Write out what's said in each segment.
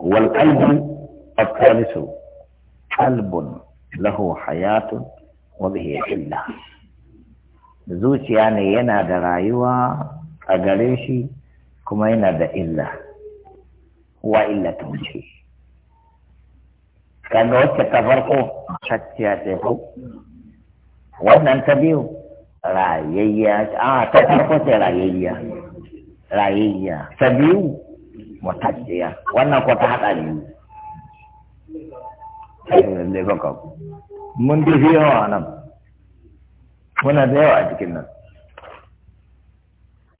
والقلب الثالث قلب له حياة وبه حلة zuciya ne yana da rayuwa a gare shi kuma yana da illa wa illa ta wuce kaga wacce ta farko shakkiya ce ko wannan ta biyu rayayya ta farko ce rayayya rayayya ta biyu mutaddiya wannan ko ta hada ne lalle ba ka mun da yawa nan muna da yawa a cikin nan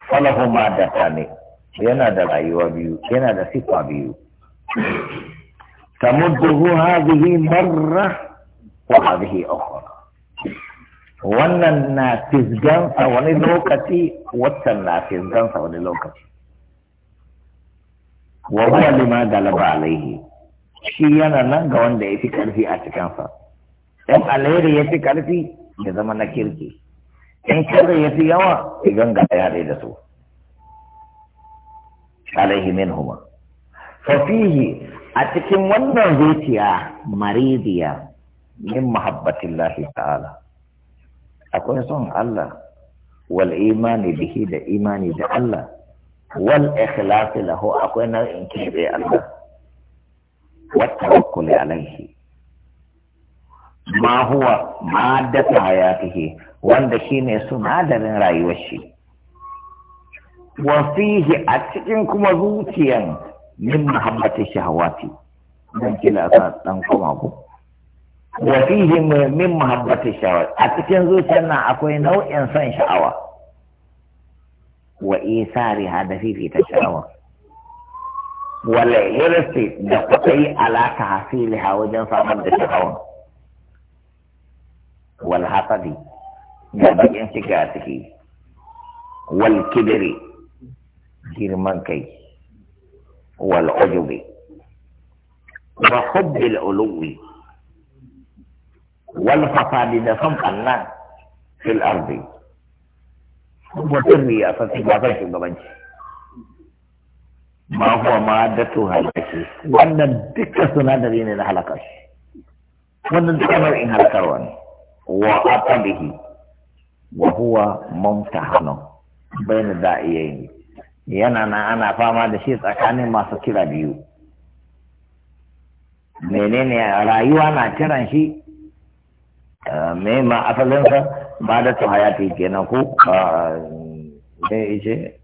falahu ma da tane yana da rayuwa biyu yana da sifa biyu tamudduhu hadhihi marra wa hadhihi ukhra wannan na fisgansa wani lokaci waccan na fisgansa wani lokaci wa huwa lima galaba alaihi shi yana nan ga wanda ya fi karfi a cikinsa in alheri ya fi karfi ya zama na kirki in kirki ya fi yawa ya ganga ya da su alaihi min huma fafihi a cikin wannan zuciya maridiya min mahabbatillahi ta'ala akwai son Allah wal imani bihi da imani da Allah wal ikhlasi lahu akwai nau'in kebe Allah wa tawakkuli alaihi ma huwa maddatu hayatihi wanda shine madarin rayuwar shi wa fihi a cikin kuma zuciyan min muhammadin shahawati dan kila sa dan koma ku wa fihi min muhammadin shahawati a cikin zuciyan nan akwai nau'in son sha'awa وإيثارها دفيفي ولا والحرص دقتي على تحصيلها وجن صامد الشعوى والحطب جابك انسكاتك والكبر منكي والعجب وحب العلو والفساد دفن في الأرض mutum riyasarci ba san shugabanci ma huwa ma halaki wannan duka sunadari ne na halakar shi wannan duka nau'in halakarwa ne wa atabihi wa huwa mumtahanu bayna da'iyayn yana na ana fama da shi tsakanin masu kira biyu menene rayuwa na kiran shi eh, me ma asalinsa ba da su hayati kenan ko zai ishe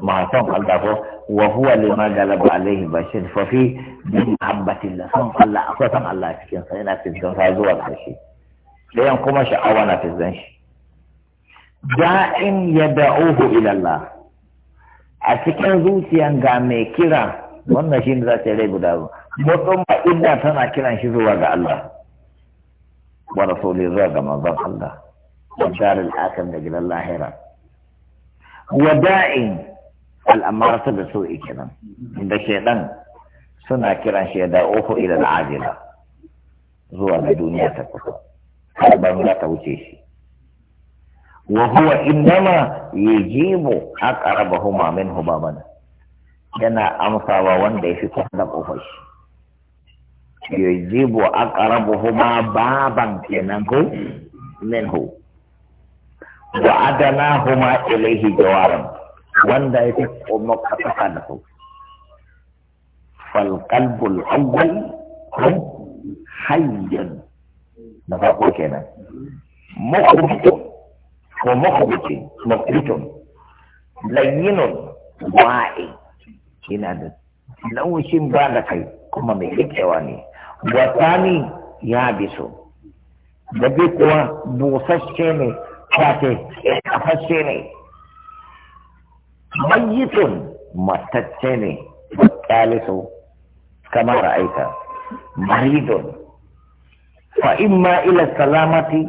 masu Allah ko wa huwa lima galaba alaihi bashir fa fi bi muhabbatillah san Allah akwai san Allah cikin sa yana fiskan sa zuwa karshe dayan kuma sha'awa na fiskan shi da'in yad'uhu ila Allah a cikin zuciyan ga mai kira wannan shi ne za ta rai guda mutum ba inda tana kiran shi zuwa ga Allah ورسول الله كما ظهر الله والدار الآخر نجل اللاهرة ودائم الأمارة بسوء كلام عند الشيطان سنة كران شيداؤه إلى العاجلة زوى لدنيا تكفر حربا لا توجيش وهو إنما يجيب أقربهما منه بابنا yana amsawa وواندي في fi kwanza yujibu aqrabuhuma baban kenan ko minhu wa adanahuma ilayhi jawaran wanda yake kuma kataka da su fal qalbul awwal hayyan na farko kenan mukhbitun ko mukhbitin mukhbitun layyinun wa'i laushin ba kai kuma mai rikewa ne wasani ya biso da bi kuwa busasshe ne kafe kafashe ne mayyitun matacce ne kyalisu kamar aika maridun fa imma ila salamati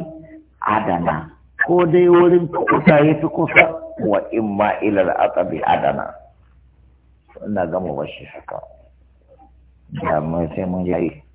adana ko dai wurin kusa ya fi kusa wa imma ila adana ina gama bashi haka da sai mun yayi